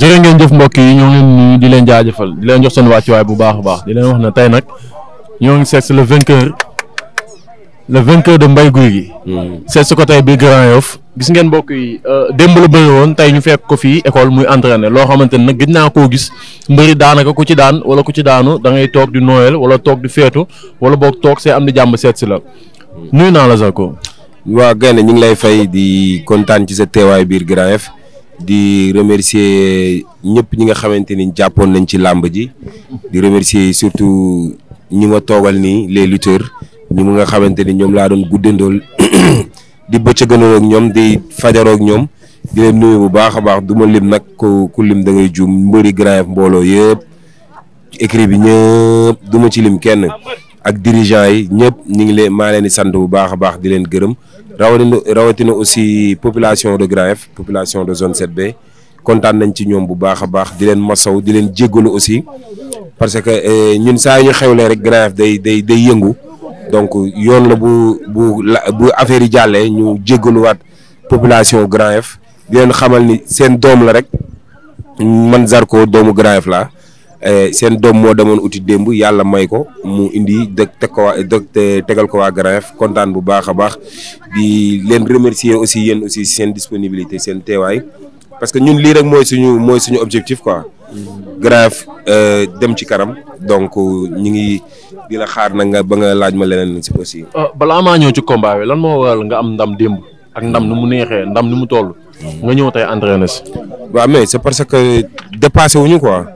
jërë ngeen jëf mbokk yi ñoo ngi di leen jaajëfal di leen jox seen wàccuwaay bu baax a baax di leen wax ne tey nag ñoo ngi seet si le vainqueur le vainqueur de mbay Gouy gi hmm. seet si ko tey bi Grand Yoff gis ngeen mbokk yi euh, démb la bëri woon tey ñu fekk ko fii école muy entraîné loo xamante ne nag gëj naa koo gis mbëri daanaka ku ci daan wala ku ci daanu da ngay toog di noël wala toog di feetu wala boog toog see am di jàmm seet si la hmm. nuyu naa la Zarko. waaw gaynde ñu ngi lay fay di kontaan ci sa teewaay biir Grand di remercier ñëpp ñi nga xamante ni jàppoon nañ ci làmb ji di remercier surtout ñi ma toogal nii les lutteurs ñi nga xamante ni ñoom laa doon guddandool di bëccëgandoo ak ñoom di fajaroo ñoom di leen nuyu bu baax a baax du ma lim nag ku lim da ngay juum mbëri Grand Yoff mbooloo yëpp écrit bi ñëpp du ma ci lim kenn ak dirigeant yi ñëpp ñu ngi leen maa leen di sant bu baax a baax di leen gërëm. rawatina rawatina aussi population de Grand Yoff population de zone 7B kontaan nañ ci ñoom bu baax a baax di leen masaw di leen jéggalu aussi parce que eh, ñun saa ñu xewlee rek Grand Yoff day day day yëngu donc yoon la bu bu la bu affaire yi jàllee ñu jéggaluwaat population Grand Yoff di leen xamal ni seen doom la rek man Zarko doomu Grand Yoff laa Eh, seen doom moo demoon uti démb yàlla may ko mu indi dëkk teg ko waa dëkk tegal ko waa Graaf bu baax a baax di leen remercier aussi yéen aussi seen disponibilité seen teewaay parce que ñun lii rek mooy suñu mooy suñu objectif quoi. Graaf euh, dem ci karam donc euh, ñu ngi di la xaar na nga ba nga laaj ma leneen si aussi. Euh, balaa maa ñëw ci combat lan moo waral nga am ndam démb ak ndam nu mu neexee ndam ni mu toll. nga ñëw tey entraîné si. waaw mais c'est parce que dépassé wuñu quoi.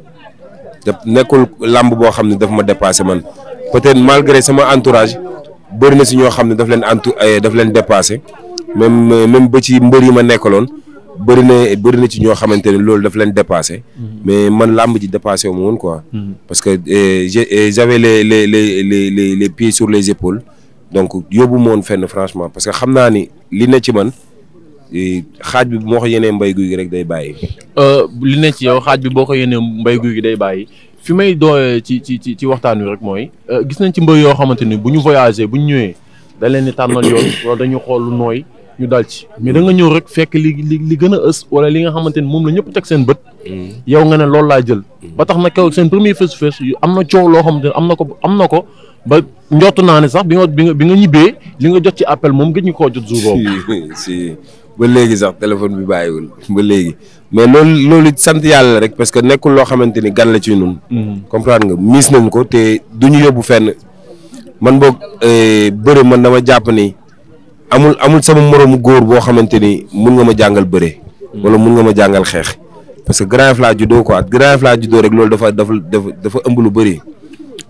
nekkul làmb boo xam ne daf ma dépassé man peut-être sama entourage bëri na si ñoo xam ne daf leen entou eh, daf leen dépassé même même ba ci mbër yi ma nekkaloon bëri na bëri na ci ñoo xamante ne loolu daf leen dépassé. Mm-hmm. mais man làmb ji dépassé wu ma woon quoi. Mm-hmm. parce que eh, eh, j'avais les les les les les pieds sur les épaules donc yóbbu ma woon fenn franchement parce que xam naa ni li ne ci man. xaaj bi moo ko yenee mbay guy gi rek day bàyyi. Euh, li ne ci yow xaaj bi boo ko yenee mbay guy gi day bàyyi fi may dooyee ci ci ci ci waxtaan wi rek mooy euh, gis nañ ci mbay yoo xamante ni bu ñu voyagé bu ñu ñëwee da leen di tànnal yoon wala dañu xool lu nooy ñu dal ci mais da nga ñëw rek fekk li li li gën a ës wala li nga xamante ni moom la ñëpp teg seen bët. Mm. yow nga ne loolu laa jël. Mm. ba tax na kaw seen premier face face am na coow loo xamante ne am na ko am na ko. ba njott naa ne sax bi nga bi nga ñibbee li nga jot ci appel moom gëj ñu koo jot. jour boobu ba léegi sax téléphone bi bàyyiwul ba léegi mais loolu loolu sant yàlla rek parce que nekkul loo xamante ni gan la ci ñun. Mm-hmm. comprendre nga miis nañ ko te du ñu yóbbu fenn man boog eh, bëre man dama jàpp ni amul amul sama moroomu góor boo xamante ni mun nga ma jàngal bëre. Mm-hmm. wala mun nga ma jàngal xeex. parce que Grand Yoff laa juddoo quoi Grand Yoff laa rek loolu dafa dafa dafa dafa ëmb lu bëri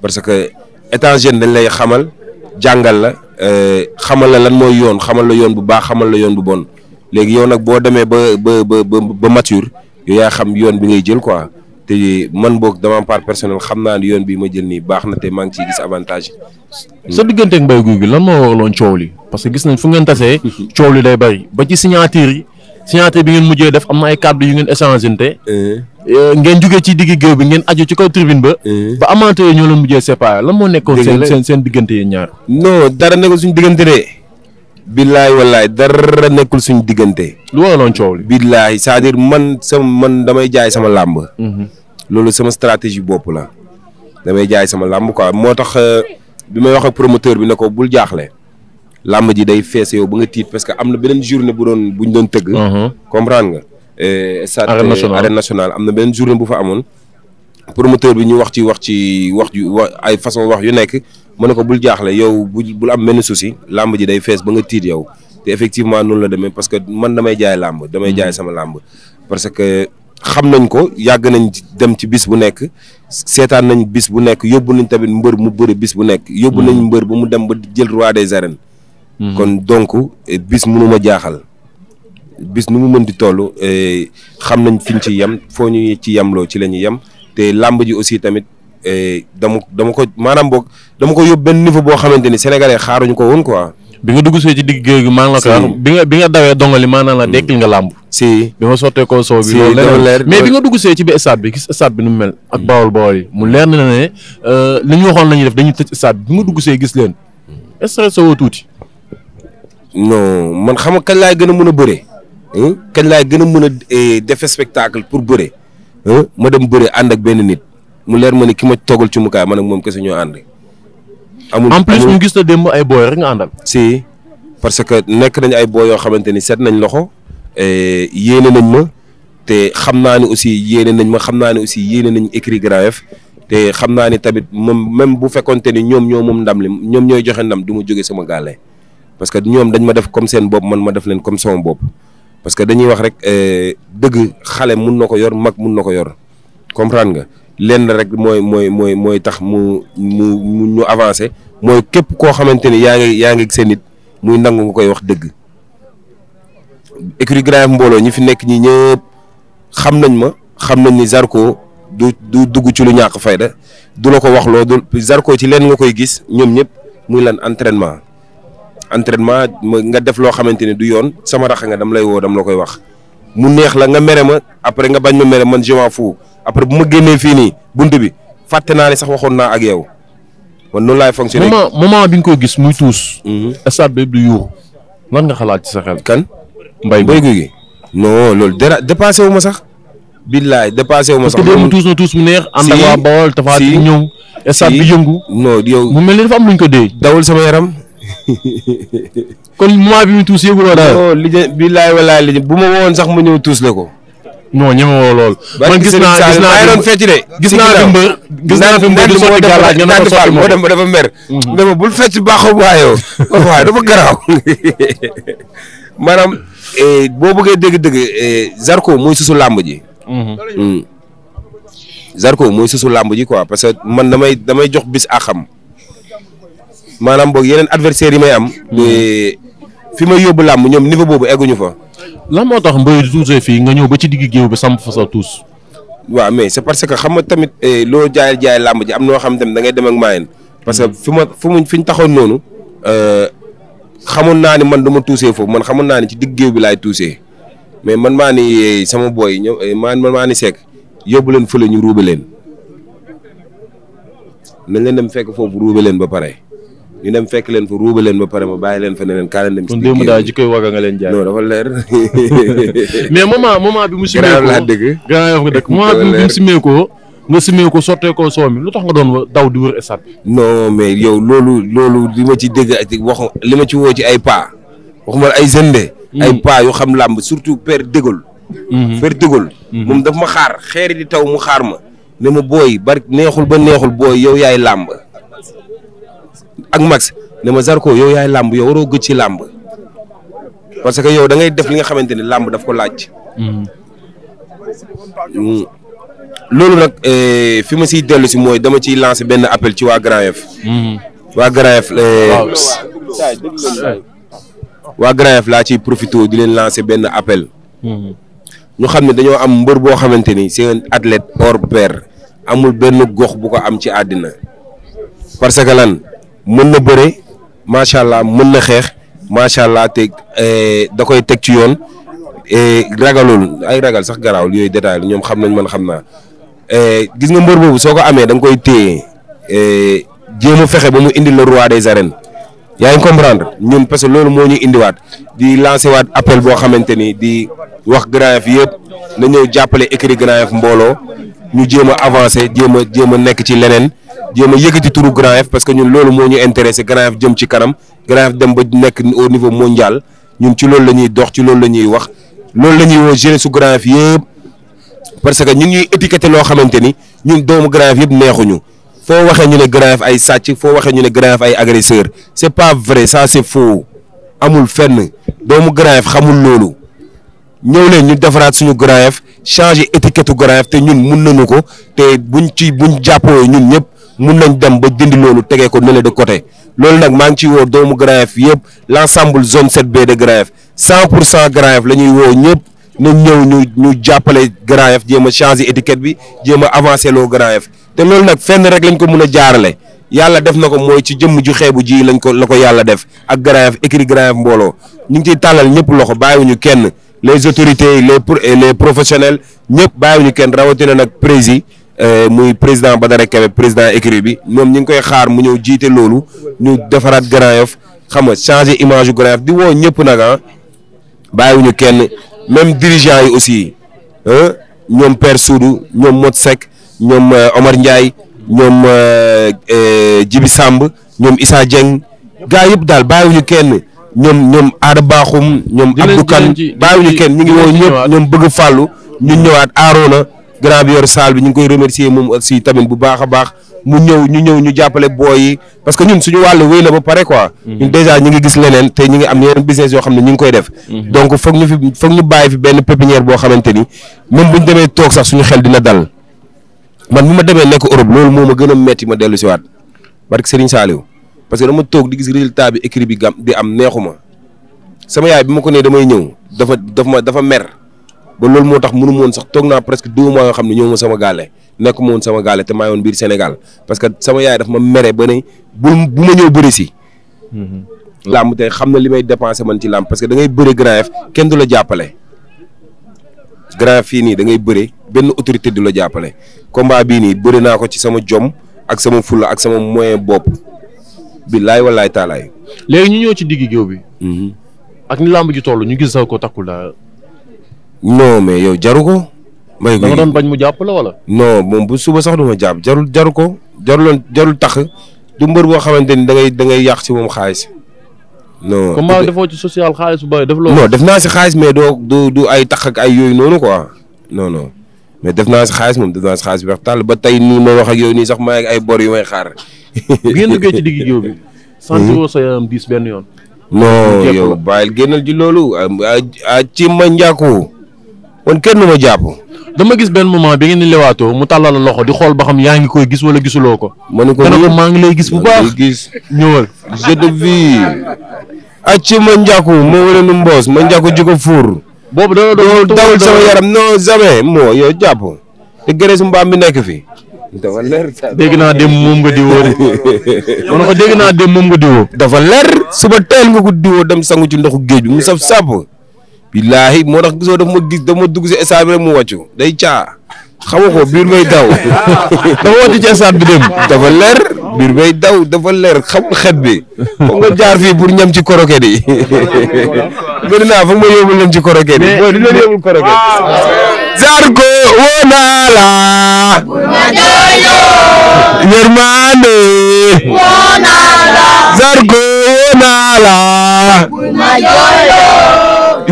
parce que étant jeune dañ lay xamal jàngal la eh, xamal la lan mooy yoon xamal la yoon bu baax xamal la yoon bu bon. léegi yow nag boo demee ba ba ba ba mature yow yaa xam yoon bi ngay jël quoi te man boog dama part personnel xam naa ni yoon bi ma jël nii baax na te maa ngi ciy gis avantage yi. sa digganteeg Mbaye Gouye Gui lan moo waraloon coow li parce que gis nañ fu ngeen tasee. coow li day bari ba ci signature yi. signature bi ngeen mujjee def am na ay kàddu yu ngeen échangé te. Uh-huh. Euh, ngeen jugee ci digg géew bi ngeen ajo ci kaw tribune ba. Uh-huh. ba amaatee ñoo la mujjee séparé lan moo nekkoon. seen seen seen diggante yi ñaar. non dara nekkul suñu billaay wallaay dara nekkul suñ diggante. lu waraloon coow li. billaay cest à man sama man damay jaay sama làmb. Mhm. loolu sama stratégie bopp la. damay jaay sama làmb quoi moo tax euh, bi may wax ak promoteur bi ne ko bul jaaxle. làmb ji day fees yow ba nga tiit parce que am na beneen journée bu doon bu ñu doon tëgg. Mhm. comprendre nga. Euh, arène euh, nationale arène nationale am na beneen journée bu fa amoon. promoteur bi ñu wax ci wax ci wax ju ay façon wax yu nekk mën na ko bul jaaxle yow bu bul am benn souci làmb ji day fees ba nga tiit yow te effectivement noonu la demee parce que man damay jaay làmb damay jaay sama làmb parce que xam nañ ko yàgg nañ dem ci bis bu nekk seetaan nañ bis bu nekk yóbbu nañ tamit mbër mu bëri bis bu nekk yóbbu nañ mbër ba mu dem ba jël roi des arènes hmm. kon donc eh, bis mënuma jaaxal bis nu mu mën di toll eh, xam nañ fiñ ci yem foo ñu ci yemloo ci la ñu yem te làmb ji aussi tamit eh, dama dama ko maanaam boog dama ko yóbbu benn niveau boo xamante ni sénégalais xaaruñu ko woon quoi. bi nga dugg see ci digg géej gi maa ngi la ko bi nga bi nga dawee dongali maanaam la mm. dekkil nga làmb. si bi ma sottee ko soow bi. loolu mais bi nga dugg see ci bi stade bi gis stade mu mel. ak mm. bawol bawol yi mu leer na ne eh, li ñu waxoon la ñuy def dañuy tëj stade bi bi dugg see gis leen mm. stressé tuuti. man xam nga kañ laay gën a mën a bëre. Hmm? kañ laay gën a mën a eh, def spectacle pour bëre. ma dem bëre ànd ak benn nit mu leer ma ne ki ma toggal ci mukaay man ak moom kese ñoo ànd. amul en plus gis na démb ay booy rek nga àndal. si parce que nekk nañ ay booy yoo xamante ni seet nañ loxo eh, yéene nañ ma te xam naa ni aussi yéene nañ ma xam naa ne aussi yéene nañ écrit grave te xam naa ni tamit moom même bu fekkonte ni ñoom ñoo moom ndam li ñoom ñooy joxe ndam duma ma jóge sama gàlle parce que ñoom dañ ma def comme seen bopp man ma def leen comme sama bopp. parce que dañuy wax rek eh, dëgg xale mun na ko yor mag mun na ko yor comprendre nga lenn rek mooy mooy mooy mooy tax mu mu ñu avancer mooy képp koo xamante ni yaa ngi yaa ngi seen nit muy nangu nga koy wax dëgg écurie Grand mbooloo ñi fi nekk ñi ñëpp xam nañ ma xam nañ ni Zarko du du dugg ci lu ñàkk fayda du la ko wax waxloo du Zarko ci leen nga koy gis ñoom ñëpp muy lan entrainement entraînement nga def loo xamante ne du yoon sama rax nga dam lay woo dam la koy wax mu neex la nga mere ma après nga bañ ma mere man je m'en fous après bu ma génnee fii nii bunt bi fàtte naa ne sax waxoon naa ak yow man noonu laay fonctionné. moment moment bi nga ko gis muy tuus. Mhm. stade bi du yuuxu lan nga xalaat ci sa xel. kan mbay mbay gi non loolu dara dépassé wu ma sax. billaay dépassé wu ma sax. parce que démb tuus na tuus mu neex. ànd ak waa Bawol Tapha Tine ñëw. stade bi yëngu. non yow mu mel ni dafa am lu ñu ko dee. dawul sama yaram. kon moment bi mu tuus yëguloo daal. non lijjë bi laay bu ma woon sax ma ñëw tuus la ko. non ñemewoo lool. man gis naa gis naa doon fecc de. gis naa fi mbër gis naa fi mbër di sotti galaaj nga naan moo dem ba dafa mer. Mhm. dama bul fecc baaxoo waayoo waaye dafa garaaw maanaam eh, boo bëggee dëgg-dëgg eh, Zarko mooy susu làmb ji. Mhm. Mm. Zarko mooy susu làmb ji quoi parce que man damay damay jox bis a xam. maanaam boog yeneen adversaires yi may am. Mm. Eh, fi may yóbbu làmb ñoom niveau boobu egguñu fa. lan moo tax mbay tuusee fii nga ñëw ba ci digg géew bi samp fa sa tuus. waaw mais c'est parce que xam nga tamit eh, loo jaay jaay làmb ji am noo xam tamit da ngay dem parce que mm. fi ma fi mu ñu taxoon noonu. Eh, xamoon naa ni man du ma tuusee foofu man xamoon naa ni ci digg bi laay tuusee mais man maa ni sama booy ñoom man maa ni Seck yóbbu leen fële ñu ruube leen nañ leen dem fekk foofu ruube leen ba pare. ñu dem fekk leen fa ruuba leen ba pare ma bàyyi leen fa ne leen kaa leen dem. kon démb daal ji koy waga nga leen jaay. non dafa leer. mais moment moment bi mu. simee nga dëkk moment bi mi lu tax nga doon daw di wër stade bi. non mais yow loolu loolu li ma ci dégg wax li ma ci woo ci ay paa waxuma ay jeunes mm. ay paa yu xam làmb surtout père Dégol. Mm-hmm. père Dégol. Mm-hmm. moom daf ma xaar xeeri di taw mu xaar ma. ne ma booy bari neexul ba neexul booy yow yaay làmb. ak Max ne ma Zarko yow yaay làmb yow waroo gëj ci làmb parce que yow da ngay def li nga xamante ni làmb daf ko laaj. Hmm. Hmm. loolu nag eh, fi ma siy dellu si mooy dama ciy lancer benn appel ci hmm. eh, waa Grand Yoff. laa ciy profité di leen lancer benn appel. ñu xam ne dañoo am mbër boo xamante ni c'est un athlète hors amul benn gox bu ko am ci àddina parce que lan. mën na bëre macha allah mën na xeex macha allah te eh, da koy teg ci yoon eh, ragalul ay ragal sax garaawul yooyu détail ñoom xam nañ man xam naa eh, gis nga mbër boobu soo ko amee da nga koy téye jéem a fexe ba mu indi le roi des arènes yaa comprendre ñun parce que loolu moo ñu indiwaat di lancer waat appel boo xamante ni di wax Grand yëpp na ñëw jàppale écurie Grand mbooloo ñu jéem a avancer jéem a jéem a nekk ci leneen. jéem a yëkkati turu Grand parce que ñun loolu moo ñu intéressé Grand F jëm ci kanam Grand F dem ba nekk au niveau mondial ñun ci loolu la ñuy dox ci loolu la ñuy wax loolu la ñuy woo jeunesse su Grand parce que ñun ñuy étiqueté loo xamante ni ñun doomu Grand F yëpp neexuñu foo waxee ñu ne Grand F ay sàcc foo waxee ñu ne Grand F ay agresseur c'est pas vrai ça c'est faux amul fenn doomu Grand F xamul loolu ñëw leen ñu defaraat suñu Grand F changer étiquette Grand F te ñun mun nañu ko te buñ ci buñ jàppoo ñun ñëpp. mun nañ dem ba dindi loolu tegee ko nële de côté loolu nag maa ngi ciy woo doomu Grand Yoff yëpp l' ensemble zone 7B de Grand Yoff 100 pour cent Grand Yoff la ñuy woo ñëpp nañ ñëw ñu ñu jàppale Grand Yoff jéem a changer étiquette bi jéem a avancer loo Grand Yoff te loolu nag fenn rek lañ ko mun a jaarale yàlla def na ko mooy ci jëmm ju xeebu ji lañ ko la ko yàlla def ak Grand Yoff écrit Grand Yoff mbooloo ñu ngi ciy tàllal ñëpp loxo bàyyiwuñu kenn les autorités les les professionnels ñëpp bàyyiwuñu kenn rawatina nag prési Euh, muy président Badara Kebe président écurie bi moom ñu ngi koy xaar mu ñëw jiite loolu ñu defaraat Grand Yoff xam nga changer image yu Grand Yoff di woo ñëpp nag ah ñu kenn même dirigeant yi aussi ñoom Père Soudou ñoom Mot Seck ñoom euh, Omar Ndiaye ñoom euh, Jibi Samb ñoom Issa Dieng gaa yëpp daal bàyyiwuñu kenn ñoom ñoom Aada Baaxum ñoom Abdou Kane ñu kenn ñu ngi woo ñëpp ñoom bëgg fàllu ñu ñëwaat aaroona grand bi yor saal bi ñu ngi koy remercier moom si tamit bu baax a baax mu ñëw ñu ñëw ñu jàppale booy yi parce que ñun suñu wàllu wéy na ba pare quoi. Mhm. ñun ñu ngi gis leneen te ñu ngi am yeneen business yoo xam ne ñu ngi koy def. Mhm. donc foog ñu fi foog bàyyi fi benn pépinière boo xamante ni même bu ñu demee toog sax suñu xel dina dal man bu ma demee nekk Europe loolu moo ma gën a metti ma dellu si waat barke Serigne Saliou parce que dama toog di gis résultat bi écrit bi gam di am neexuma sama yaay bi ma ko nee damay ñëw dafa dafa ma dafa mer. ba loolu moo tax mënu ma woon sax toog naa presque deux mois yoo xam ne ñëw ma sama gaale nekk ma woon sama gaale te maa woon biir Sénégal parce que sama yaay daf ma mere ba ne bu ma ñëw bëri si. Mm-hmm. làmb tey xam na li may dépensé man ci làmb parce que da bëre Grand Yoff kenn du la jàppale. Grand fii nii da ngay bëre benn autorité du la jàppale combat bii nii bëre naa ko ci sama jom ak sama fulla ak sama moyen bopp billaay wallaay taalaay. léegi ñu ñëw ci digg géew bi. Mm-hmm. làmb ji toll ñu gis sax ko takkul daal. non mais yow jaru ko. mbay da nga bañ mu jàpp la wala. non moom bu suba sax du ma jàpp jarul jaru ko jaruloon jarul tax du mbër boo xamante ni da ngay da ngay yàq ci moom xaalis. non comment social xaalis bu bëri def loolu. def naa si xaalis mais doo du du ay tax ak ay yooyu noonu quoi non non mais def naa si xaalis moom def naa si xaalis bi wax tàll ba tey nii ma wax ak yow nii sax maa ngi ay bor yu may xaar. bi ngeen duggee ci digg jiw bi. sànq hmm? sa yaram diis benn yoon. non yow bàyyil génnal ci loolu a ci ma njàkku. kon kenn du ma jàpp. dama gis benn moment bi ngeen di lewaatoo mu tàllal la loxo di xool ba xam yaa ngi koy gis wala gisuloo ko. ma ne ko maa ngi lay gis bu baax gis ñëwal. je te vis. acci ma njàkku ma wala mboos ma njàkku ji ko fuur. boobu da doon dawul sama yaram moo yow jàpp te gërës mbaam bi nekk fi. dafa leer dégg naa dem moom nga diwoo de. ma naa dem moom nga diwoo. dafa leer suba teel nga ko diwoo dem sangu ci ndoxu géej bi mu saf sàpp. billaahi moo tax gisoo daf ma gis daf ma dugg si stade bi mu wàccu day caa xamu ko biir may daw. dafa wàcc ci stade daw dafa leer xamul xet bi. foog nga jaar fii pour ci koroket yi. bëri naa foog ma yóbbul ñam ci koroket yi. booy di leen yóbbul koroket. Zarko woo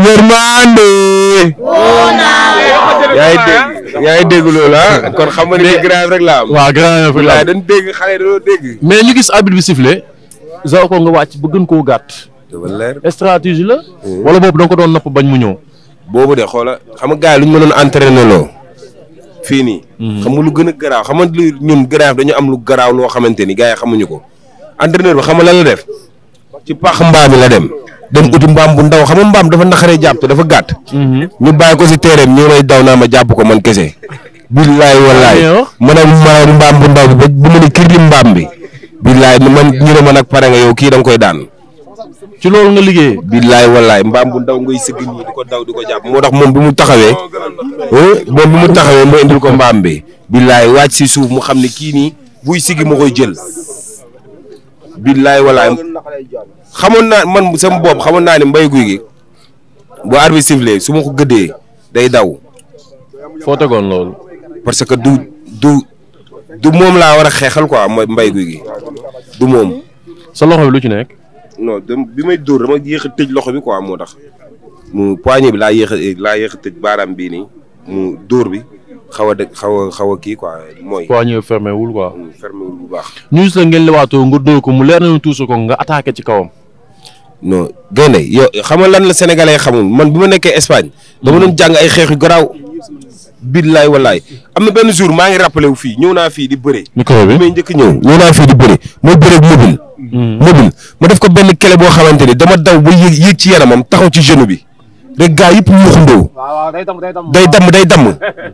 yërmande yaa ngi dégg yaa ngi dégg loolu ah kon xam nga ni grave rek laa am. waaw grave rek laa mais ñu gis arbitre bi sifflé. Zarko nga wàcc ba gën koo gàtt. stratégie la. Hmm. wala boobu da ko doon napp bañ mu ñëw. boobu de xoola xam nga lu ñu mënoon entraîné loo. fii nii. Hmm. xam nga lu gën a garaaw xam nga lu ñun grave dañu am lu garaaw loo xamante ni gars yi xamuñu ko. entraîneur bi xam nga lan la def. ci pax mbaa mi la dem. dem uti mbaam bu ndaw xam nga mbaam dafa naqaree jàpp dafa gàtt. Mhm. ñu bàyyi ko si teereem ñu may daw naa ma jàpp ko man kese. billaay wallaay ah, oh. man ak maanaam mbaam bu ndaw bi ba bu ma ne kii mbaam bi. billaay man ñu ne ma nag pare nga yow kii da koy daan. ci loolu nga liggéey. billaay wallaay mbaam bu ndaw ngay sëgg nii di ko daw di ko jàpp moo tax moom bi mu taxawee. Eh, moom bi mu taxawee mu indil ko mbaam bi. billaay wàcc si suuf mu xam ne kii nii buy siggi ma koy jël. billaay walaay xamoon naa man sama bopp xamoon naa ne mbay guy gi bu arbitre sifflé su ma ko gëddee day daw. foo tegoon loolu. parce que du du du moom laa war a xeexal ko mooy mbay guy gi du moom. sa loxo bi lu ci nekk. non bi may dóor dama yéex tëj loxo bi quoi moo tax. mu poignet bi laa yéex laa yéex a tëj baaraam bii nii mu dóor bi. xaw a dëgg xaw a xaw a kii quoi mooy. poignée fermé wul quoi. Mm, fermé wul bu baax. ñu gis la ngeen lewaatoo nga dóor ko mu leer nañu tuusu ko nga attaqué ci kawam. non gaynde yow xam nga lan la sénégalais xamul man bu ma nekkee Espagne. dama doon jàng ay xeexu yu garaaw. billaay wallaay am na benn jour maa ngi rappelé wu fii ñëw naa fii di bëre. micro bi may njëkk ñëw ñëw naa fii di bëre mooy bëre mobile. Mm. mobile ma def ko benn kele boo xamante ni dama daw ba yéeg ci ci yaramam taxaw ci genou bi. rek gaa yëpp ñu xundoo day damm day damm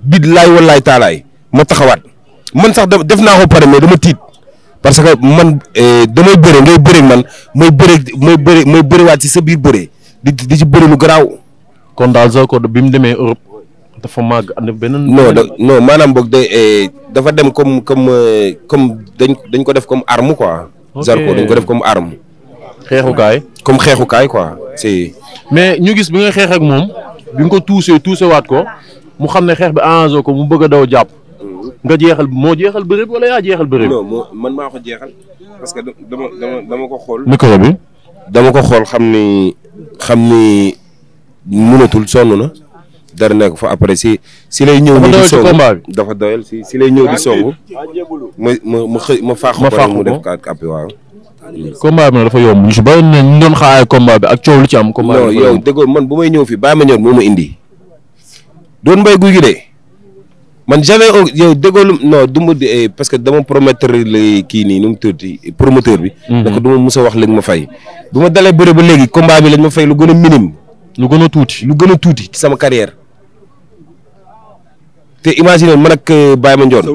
billaay wallaay taalaay ma taxawaat man sax def naa ko pare mais dama tiit parce que man eh, damay bëre ngay bëre man mooy bëre mooy bëre mooy bërewaat ci sa biir bëre di di ci bëre lu garaaw. kon daal Zarko bi mu demee Europe dafa màgg ànd beneen. non non maanaam boog de eh, dafa dem comme comme eh, comme dañ dañ ko def comme arme quoi. Zarko dañ ko def comme arme. xeexukaay comme xeexukaay quoi si. mais ñu gis bi nga xeex ak moom bi nga ko tuusee waat ko mu xam ne xeex bi arrangé ko mu bëgg a daw jàpp. Mm-hmm. nga jeexal moo jeexal bëri wala yaa jeexal bëri. non moo man maa ko jeexal parce que dama dama ko xool. micro bi dama ko xool xam ni xam ni mënatul sonn na. dara nekk fa après si si lay ñëw. nii di song dafa doyal si si lay ñëw di song. ma ma ma xëy ma faax. ma faax mu def kaat kàpp waaw. combat bi nag dafa yomb ñu si bàyyi ne ñu doon xaar combat bi ak coow lu ci am. combat bi yow déggoo man bu may ñëw fii bàyyi ma ñëw moo ma indi. doon mbay guy gi de man jamais yow ma eh, parce que dama promettre la kii nii nu mu tuuti bi. Mhm. a wax léegi ma fay. bu ma dalee bëre ba léegi combat bi lañ ma fay lu gën a minime. lu gën a tuuti lu gën a tuuti ci sama carrière. te imagine man ak euh, Baye Mandione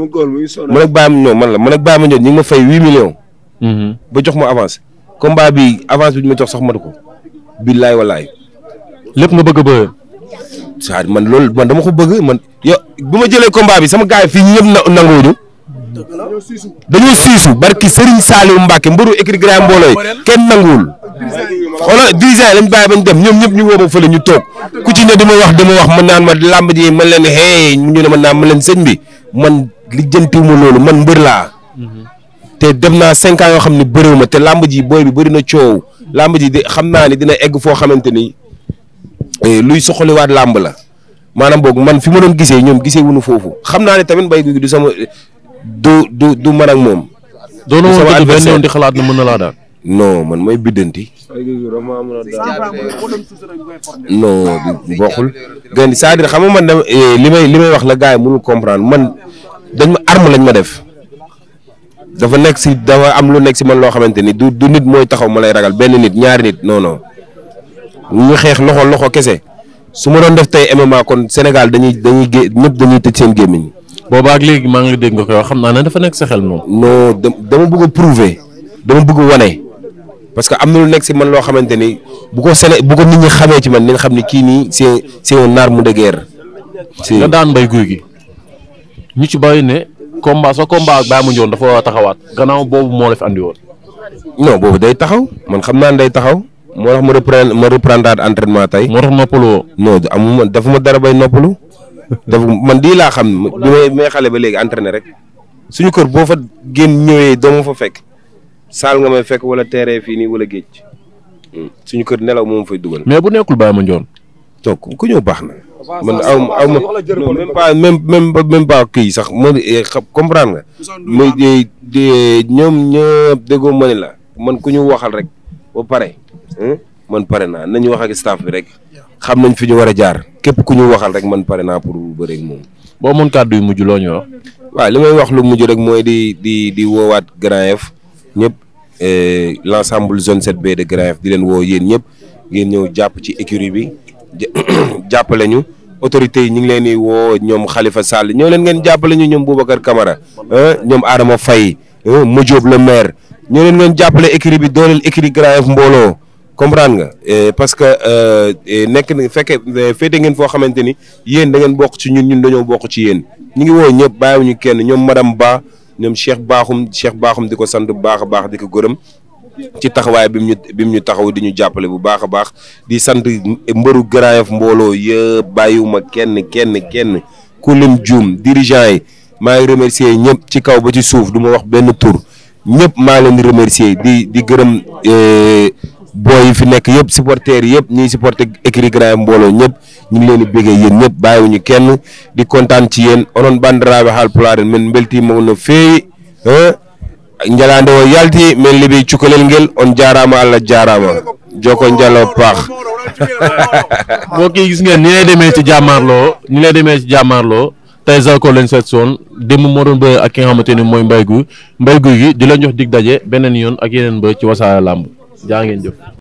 man ak Baye la man ak Baye Mandione ñu ma fay huit millions. Mm-hmm. ba jox ma avance combat bi avance bi ma jox sax matu ko billaay walaay lépp nga bëgg a bëre man loolu man dama ko bëgg man yow bu ma jëlee combat bi sama gars yi fii ñëpp nanguwuñu dañoo siisu barki Serigne Saliou Mbacke mbëru écrit grand mbooloo yi kenn nanguwul xoolal dix ans lañ bàyyi bañ dem ñoom ñëpp ñu woo ma fële ñu toog ku ci ne dama wax dama wax man naan ma làmb ji man leen xëy ñu ne ma naan ma leen sëñ bi man ma loolu man mbër laa. Mm-hmm. te dem naa cinq ans yoo xam ne bëriw ma te làmb ji booy bi bëri na coow làmb ji di xam naa ne dina egg foo xamante ni eh, luy soxaliwaat làmb la maanaam boog man fi ma doon gisee ñoom gisee wuñu foofu xam naa ne tamit Mbaye Gouye sama du du du man ak moom. doon di xalaat mën na laa daan. non man mooy biddanti. non bokkul. xam nga man eh, li may li may wax la gars yi mënul comprendre man dañ ma arme lañ ma def. dafa nekk si dafa am lu nekk si man loo xamante ni du du nit mooy taxaw ma lay ragal benn nit ñaari nit noonoo non ñu xeex loxo loxo kese su ma doon def tey MMA kon Sénégal dañuy dañuy gé ñëpp dañuy tëj seen gémmiñ. boobaak léegi maa ngi la dégg nga koy wax xam naa ne dafa nekk sa xel moom. non dama bëgg a prouver dama bugg wane parce que am na lu nekk si man loo xamante ni bu ko Séné bu ko nit ñi xamee ci man nañ xam ni kii nii c'est c'est naar mu de guerre. si nga daan mbay guy gi combat sa combat ak Baye Mandione dafa war a taxawaat gannaaw boobu moo la fi andi woon. non boobu day taxaw man xam naa ne day taxaw. moo tax ma reprendre ma reprendre entraînement tey. moo tax noppaluwoo. non amuma defuma dara bay noppalu. def man di laa xam bi may may xale ba léegi entraîné rek suñu kër boo fa génn ñëwee doo ma fa fekk saal nga may fekk wala terrain fii nii wala géej hmm. suñu kër nelaw moom fay dugal. mais bu nekkul Baye Mandione donc ku ñëw baax na. man aw ma aw ma même même même même pas kii sax ma eh, xam comprendre nga. muy ñoom ñëpp déggoo ma ne la man ku ñu waxal rek ba pare. man pare naa nañu wax ak staff bi rek xam nañ fi ñu war a jaar képp ku ñu waxal rek man pare naa pour bu bëreeg moom. boo mun kàddu yu mujj loo ñu wax. waaw li may wax lu mujj rek mooy di di di woowaat Grand F ñëpp eh, l' ensemble zone 7B de Grand F di leen woo yéen ñëpp ngeen ñëw jàpp ci écurie bi. jàppale ñu autorités yi ñu ngi leen di woo ñoom Khalifa Sall ñoo leen ngeen jàppale ñu ñoom Boubacar Camara ñoom Adama fay Modou Diop le maire ñoo leen ngeen jàppale écrit bi dooleel écrit Grand Yoff mbooloo comprendre nga eh, parce que euh, eh, nekk na fekke eh, féete ngeen foo xamante ni yéen da ngeen bokk ci ñun ñun dañoo bokk ci yéen ñu ngi woo ñëpp ñu kenn ñoom madame Ba ñoom Cheikh Bakhoum Cheikh Bakhoum di ko sant bu baax a baax di ko gërëm ci taxawaay bi mu ñu bi mu ñu taxaw di ñu jàppale bu baax a baax di sant mbëru Grand Yoff mbooloo yëpp bàyyiwuma kenn kenn kenn ku lim juum dirigeant yi maa ngi remercier ñëpp ci kaw ba ci suuf du ma wax benn tur ñëpp maa leen di remercier di di gërëm e, booy yi fi nekk yëpp supporters yëpp ñiy supporter écrit Grand Yoff mbooloo ñëpp ñu ngi leen di bëggee bàyyiwuñu kenn di kontaan ci yéen onon bandiraɓe haalpulaar men mbeltimaon no feewi njalande o yalti min liɓi cukalel ngel on jarama allah jarama joko njalo paax mbokk yi gis ngeen ni lay demee ci jàmmaarloo ni lay demee ci jàmmaarloo tey Zarko lañ seet soon démb moo doon bëre ak ki nga xamante ni mooy mbay guy mbay guy gi di la jox dig daje beneen yoon ak yeneen mbër ci wasaare làmb jaa ngeen jëf